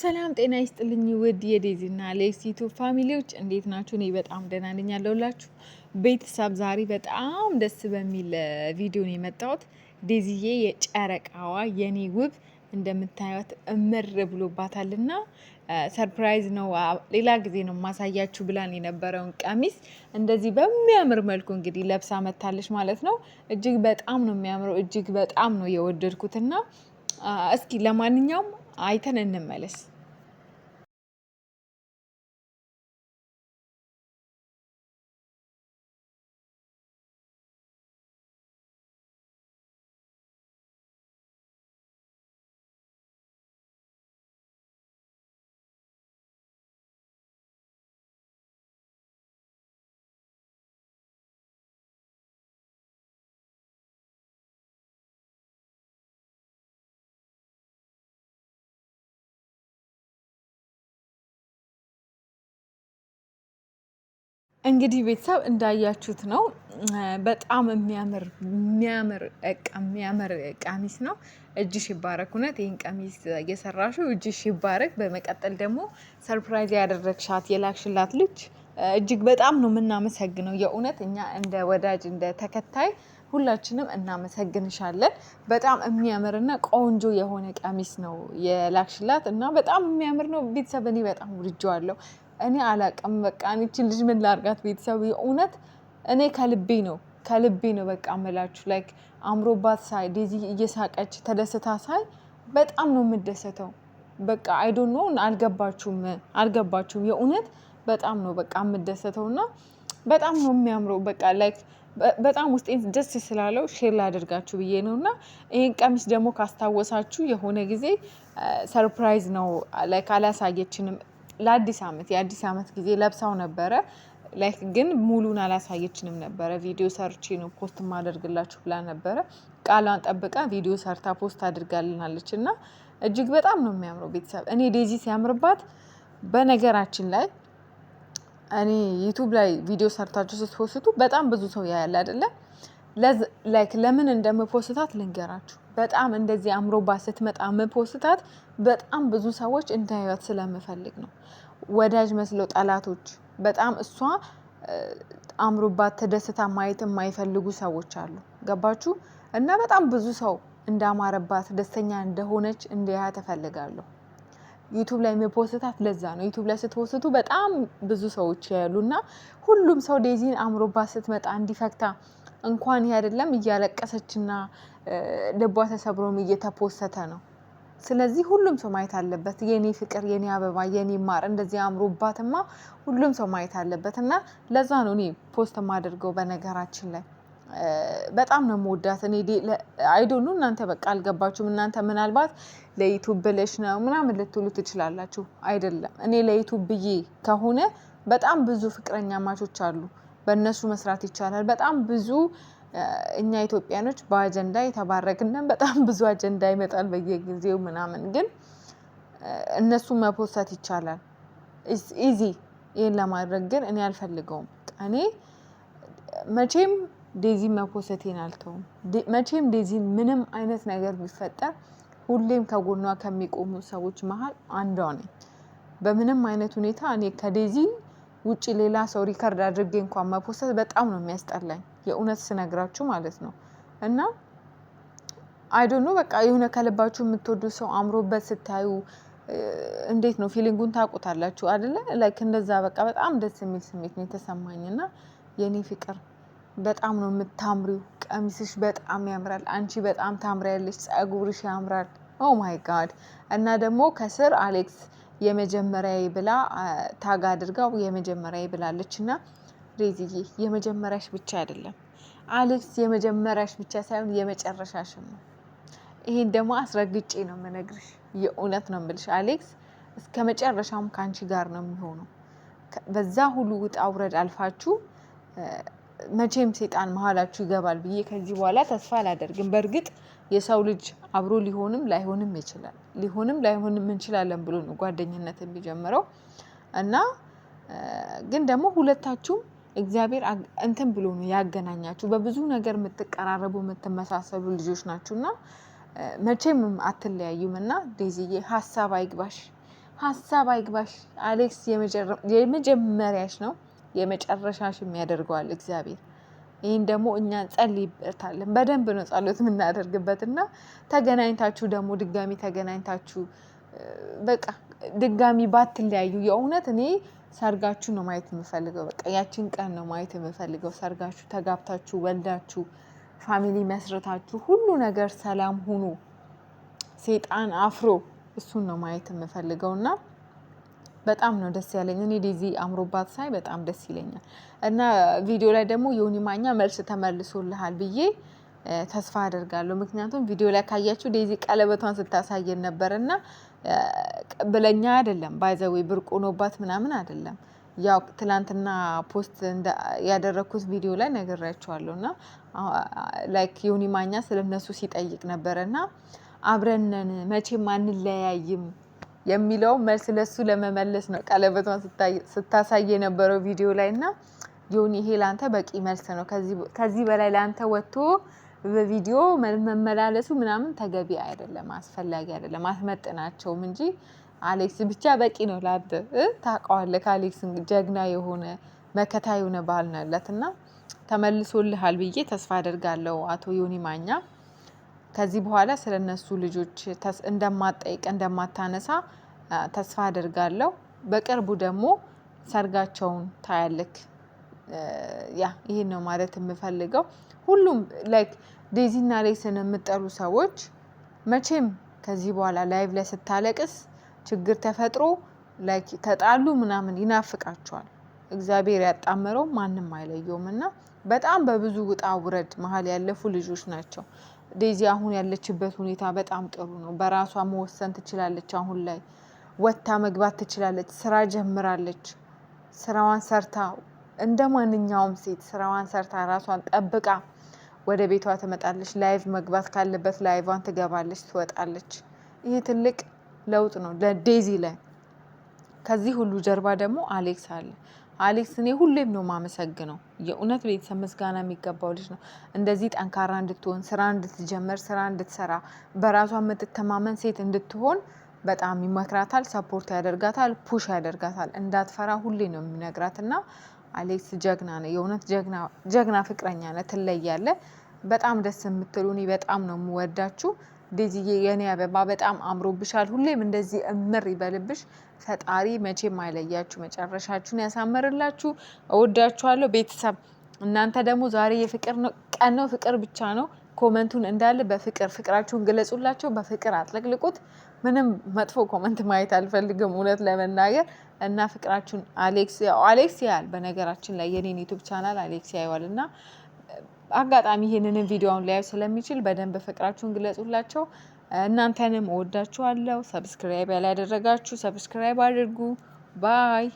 ሰላም ሰላም፣ ጤና ይስጥልኝ ውድ የዴዚና ሌክሲቱ ፋሚሊዎች እንዴት ናችሁ? እኔ በጣም ደህና ነኝ ያለሁላችሁ ቤተሰብ። ዛሬ በጣም ደስ በሚል ቪዲዮ ነው የመጣሁት። ዴዚዬ የጨረቃዋ የኔ ውብ እንደምታዩት እምር ብሎባታልና ሰርፕራይዝ ነው፣ ሌላ ጊዜ ነው ማሳያችሁ ብላን የነበረውን ቀሚስ እንደዚህ በሚያምር መልኩ እንግዲህ ለብሳ መታለች ማለት ነው። እጅግ በጣም ነው የሚያምረው፣ እጅግ በጣም ነው የወደድኩትና እስኪ ለማንኛውም አይተን እንመለስ። እንግዲህ ቤተሰብ እንዳያችሁት ነው። በጣም የሚያምር የሚያምር የሚያምር ቀሚስ ነው። እጅሽ ይባረክ። እውነት ይህን ቀሚስ የሰራሽው እጅሽ ይባረክ። በመቀጠል ደግሞ ሰርፕራይዝ ያደረግሻት የላክሽላት ልጅ እጅግ በጣም ነው የምናመሰግነው። የእውነት እኛ እንደ ወዳጅ እንደ ተከታይ ሁላችንም እናመሰግንሻለን። በጣም የሚያምርና ቆንጆ የሆነ ቀሚስ ነው የላክሽላት እና በጣም የሚያምር ነው። ቤተሰብ እኔ በጣም ወድጄዋለሁ። እኔ አላቅም በቃ እቺን ልጅ ምን ላርጋት? ቤተሰብ የእውነት እኔ ከልቤ ነው ከልቤ ነው በቃ ምላችሁ ላይክ አምሮባት ሳይ ዴዚ እየሳቀች ተደስታ ሳይ በጣም ነው የምደሰተው። በቃ አይዶ ነው አልገባችሁም፣ አልገባችሁም። የእውነት በጣም ነው በቃ የምደሰተው እና በጣም ነው የሚያምረው። በቃ ላይክ በጣም ውስጤን ደስ ስላለው ሼር ላደርጋችሁ ብዬ ነው እና ይህን ቀሚስ ደግሞ ካስታወሳችሁ የሆነ ጊዜ ሰርፕራይዝ ነው ላይክ አላሳየችንም ለአዲስ ዓመት የአዲስ ዓመት ጊዜ ለብሳው ነበረ። ላይክ ግን ሙሉን አላሳየችንም ነበረ። ቪዲዮ ሰርቼ ነው ፖስት ማደርግላችሁ ብላ ነበረ። ቃሏን ጠብቃ ቪዲዮ ሰርታ ፖስት አድርጋልናለች እና እጅግ በጣም ነው የሚያምረው። ቤተሰብ እኔ ዴዚ ሲያምርባት በነገራችን ላይ እኔ ዩቱብ ላይ ቪዲዮ ሰርታችሁ ስትፖስቱ በጣም ብዙ ሰው ያያል አይደለም ላይክ ለምን እንደምፖስታት ልንገራችሁ። በጣም እንደዚህ አምሮባት ስትመጣ ምፖስታት በጣም ብዙ ሰዎች እንዳያዩት ስለምፈልግ ነው። ወዳጅ መስለው ጠላቶች፣ በጣም እሷ አምሮባት ተደስታ ማየት የማይፈልጉ ሰዎች አሉ። ገባችሁ? እና በጣም ብዙ ሰው እንዳማረባት ደስተኛ እንደሆነች እንዲያ ተፈልጋለሁ። ዩቱብ ላይ የሚፖስታት ለዛ ነው። ዩቱብ ላይ ስትፖስቱ በጣም ብዙ ሰዎች ያያሉ እና ሁሉም ሰው ዴዚን አምሮባት ስትመጣ እንዲፈክታ እንኳን ይህ አይደለም እያለቀሰችና ልቧ ተሰብሮም እየተፖሰተ ነው። ስለዚህ ሁሉም ሰው ማየት አለበት። የኔ ፍቅር፣ የኔ አበባ፣ የኔ ማር እንደዚህ አምሮባትማ ሁሉም ሰው ማየት አለበት እና ለዛ ነው እኔ ፖስት የማደርገው። በነገራችን ላይ በጣም ነው የምወዳት እኔ አይዶኑ እናንተ በቃ አልገባችሁም። እናንተ ምናልባት ለዩቱብ ብለሽ ነው ምናምን ልትሉ ትችላላችሁ። አይደለም እኔ ለዩቱብ ብዬ ከሆነ በጣም ብዙ ፍቅረኛ ማቾች አሉ በእነሱ መስራት ይቻላል። በጣም ብዙ እኛ ኢትዮጵያኖች በአጀንዳ የተባረክነን በጣም ብዙ አጀንዳ ይመጣል በየጊዜው ምናምን፣ ግን እነሱ መፖሰት ይቻላል። ኢዚ ይህን ለማድረግ ግን እኔ አልፈልገውም። እኔ መቼም ዴዚ መፖሰቴን አልተውም። መቼም ዴዚ ምንም አይነት ነገር ቢፈጠር ሁሌም ከጎኗ ከሚቆሙ ሰዎች መሀል አንዷ ነኝ። በምንም አይነት ሁኔታ እኔ ከዴዚ ውጭ ሌላ ሰው ሪከርድ አድርጌ እንኳን መፖሰት በጣም ነው የሚያስጠላኝ፣ የእውነት ስነግራችሁ ማለት ነው። እና አይዶኖ በቃ የሆነ ከልባችሁ የምትወዱ ሰው አምሮበት ስታዩ እንዴት ነው ፊሊንጉን ታውቁታላችሁ አደለ? ላይክ እንደዛ በቃ በጣም ደስ የሚል ስሜት ነው የተሰማኝ። እና የእኔ ፍቅር በጣም ነው የምታምሪው፣ ቀሚስሽ በጣም ያምራል፣ አንቺ በጣም ታምሪያለሽ፣ ጸጉርሽ ያምራል። ኦ ማይ ጋድ! እና ደግሞ ከስር አሌክስ የመጀመሪያ ብላ ታግ አድርጋው የመጀመሪያ ብላለች። እና ሬዝዬ የመጀመሪያሽ ብቻ አይደለም አሌክስ፣ የመጀመሪያሽ ብቻ ሳይሆን የመጨረሻሽም ነው። ይሄን ደግሞ አስረግጬ ነው የምነግርሽ። የእውነት ነው የምልሽ አሌክስ እስከ መጨረሻውም ከአንቺ ጋር ነው የሚሆነው። በዛ ሁሉ ውጣ ውረድ አልፋችሁ መቼም ሴጣን መሀላችሁ ይገባል ብዬ ከዚህ በኋላ ተስፋ አላደርግም። በእርግጥ የሰው ልጅ አብሮ ሊሆንም ላይሆንም ይችላል ሊሆንም ላይሆንም እንችላለን ብሎ ነው ጓደኝነት የሚጀምረው። እና ግን ደግሞ ሁለታችሁም እግዚአብሔር እንትን ብሎ ነው ያገናኛችሁ በብዙ ነገር የምትቀራረቡ የምትመሳሰሉ ልጆች ናችሁ እና መቼም አትለያዩም። እና ዴዚዬ ሀሳብ አይግባሽ ሀሳብ አይግባሽ አሌክስ የመጀመሪያሽ ነው የመጨረሻሽ የሚያደርገዋል እግዚአብሔር ይህን ደግሞ እኛ እንጸልይበታለን። በደንብ ነው ጸሎት የምናደርግበት እና ተገናኝታችሁ ደግሞ ድጋሚ ተገናኝታችሁ በቃ ድጋሚ ባትለያዩ የእውነት እኔ ሰርጋችሁ ነው ማየት የምፈልገው። በቃ ያችን ቀን ነው ማየት የምፈልገው። ሰርጋችሁ ተጋብታችሁ ወልዳችሁ ፋሚሊ መስረታችሁ ሁሉ ነገር ሰላም ሁኑ፣ ሴጣን አፍሮ እሱን ነው ማየት የምፈልገው እና በጣም ነው ደስ ያለኝ። እኔ ዴዚ አምሮባት ሳይ በጣም ደስ ይለኛል። እና ቪዲዮ ላይ ደግሞ ዮኒ ማኛ መልስ ተመልሶልሃል ብዬ ተስፋ አደርጋለሁ። ምክንያቱም ቪዲዮ ላይ ካያችሁ ዴዚ ቀለበቷን ስታሳየን ነበር እና ብለኛ አይደለም ባይዘዌ ብርቅ ሆኖባት ምናምን አይደለም። ያው ትላንትና ፖስት ያደረግኩት ቪዲዮ ላይ ነግሬያችኋለሁ። እና ላይክ ዮኒ ማኛ ስለ እነሱ ሲጠይቅ ነበረ እና አብረነን መቼም አንለያይም የሚለው መልስ ለሱ ለመመለስ ነው ቀለበቷን ስታሳይ የነበረው ቪዲዮ ላይ እና ዮኒ ይሄ ለአንተ በቂ መልስ ነው። ከዚህ በላይ ለአንተ ወጥቶ በቪዲዮ መመላለሱ ምናምን ተገቢ አይደለም፣ አስፈላጊ አይደለም። አትመጥናቸውም እንጂ አሌክስ ብቻ በቂ ነው ለአንተ። ታውቀዋለህ ከአሌክስ ጀግና የሆነ መከታ የሆነ ባል ነው ያለት እና ተመልሶልሃል ብዬ ተስፋ አደርጋለሁ አቶ ዮኒ ማኛ። ከዚህ በኋላ ስለ እነሱ ልጆች እንደማጠይቅ እንደማታነሳ ተስፋ አድርጋለሁ በቅርቡ ደግሞ ሰርጋቸውን ታያለክ። ያ ይሄን ነው ማለት የምፈልገው። ሁሉም ላይክ ዴዚና ሌስን የምትጠሉ ሰዎች መቼም ከዚህ በኋላ ላይቭ ላይ ስታለቅስ ችግር ተፈጥሮ ላይክ ተጣሉ ምናምን ይናፍቃቸዋል። እግዚአብሔር ያጣመረው ማንም አይለየውም እና በጣም በብዙ ውጣ ውረድ መሀል ያለፉ ልጆች ናቸው። ዴዚ አሁን ያለችበት ሁኔታ በጣም ጥሩ ነው። በራሷ መወሰን ትችላለች። አሁን ላይ ወታ መግባት ትችላለች። ስራ ጀምራለች። ስራዋን ሰርታ እንደ ማንኛውም ሴት ስራዋን ሰርታ ራሷን ጠብቃ ወደ ቤቷ ትመጣለች። ላይቭ መግባት ካለበት ላይቫን ትገባለች፣ ትወጣለች። ይህ ትልቅ ለውጥ ነው ለዴዚ ላይ ከዚህ ሁሉ ጀርባ ደግሞ አሌክስ አለ። አሌክስ እኔ ሁሌም ነው ማመሰግነው። የእውነት ቤተሰብ ምስጋና የሚገባው ልጅ ነው። እንደዚህ ጠንካራ እንድትሆን ስራ እንድትጀምር ስራ እንድትሰራ በራሷ የምትተማመን ሴት እንድትሆን በጣም ይመክራታል፣ ሰፖርት ያደርጋታል፣ ፑሽ ያደርጋታል። እንዳትፈራ ሁሌ ነው የሚነግራት እና አሌክስ ጀግና ነው የእውነት ጀግና ፍቅረኛ ነ ትለያለ። በጣም ደስ የምትሉ እኔ በጣም ነው የምወዳችሁ። ዴዚዬ የኔ አበባ በጣም አምሮብሻል። ሁሌም እንደዚህ እምር ይበልብሽ። ፈጣሪ መቼም አይለያችሁ፣ መጨረሻችሁን ያሳምርላችሁ። እወዳችኋለሁ ቤተሰብ። እናንተ ደግሞ ዛሬ የፍቅር ቀን ነው፣ ፍቅር ብቻ ነው። ኮመንቱን እንዳለ በፍቅር ፍቅራችሁን ግለጹላቸው፣ በፍቅር አጥለቅልቁት። ምንም መጥፎ ኮመንት ማየት አልፈልግም እውነት ለመናገር እና ፍቅራችሁን አሌክስ ያል በነገራችን ላይ የኔን ዩቱብ ቻናል አሌክስ ያይዋል እና አጋጣሚ ይህንንም ቪዲዮውን ሊያዩ ስለሚችል በደንብ ፍቅራችሁን ግለጹላቸው። እናንተንም እወዳችኋለሁ። ሰብስክራይብ ያላደረጋችሁ ሰብስክራይብ አድርጉ። ባይ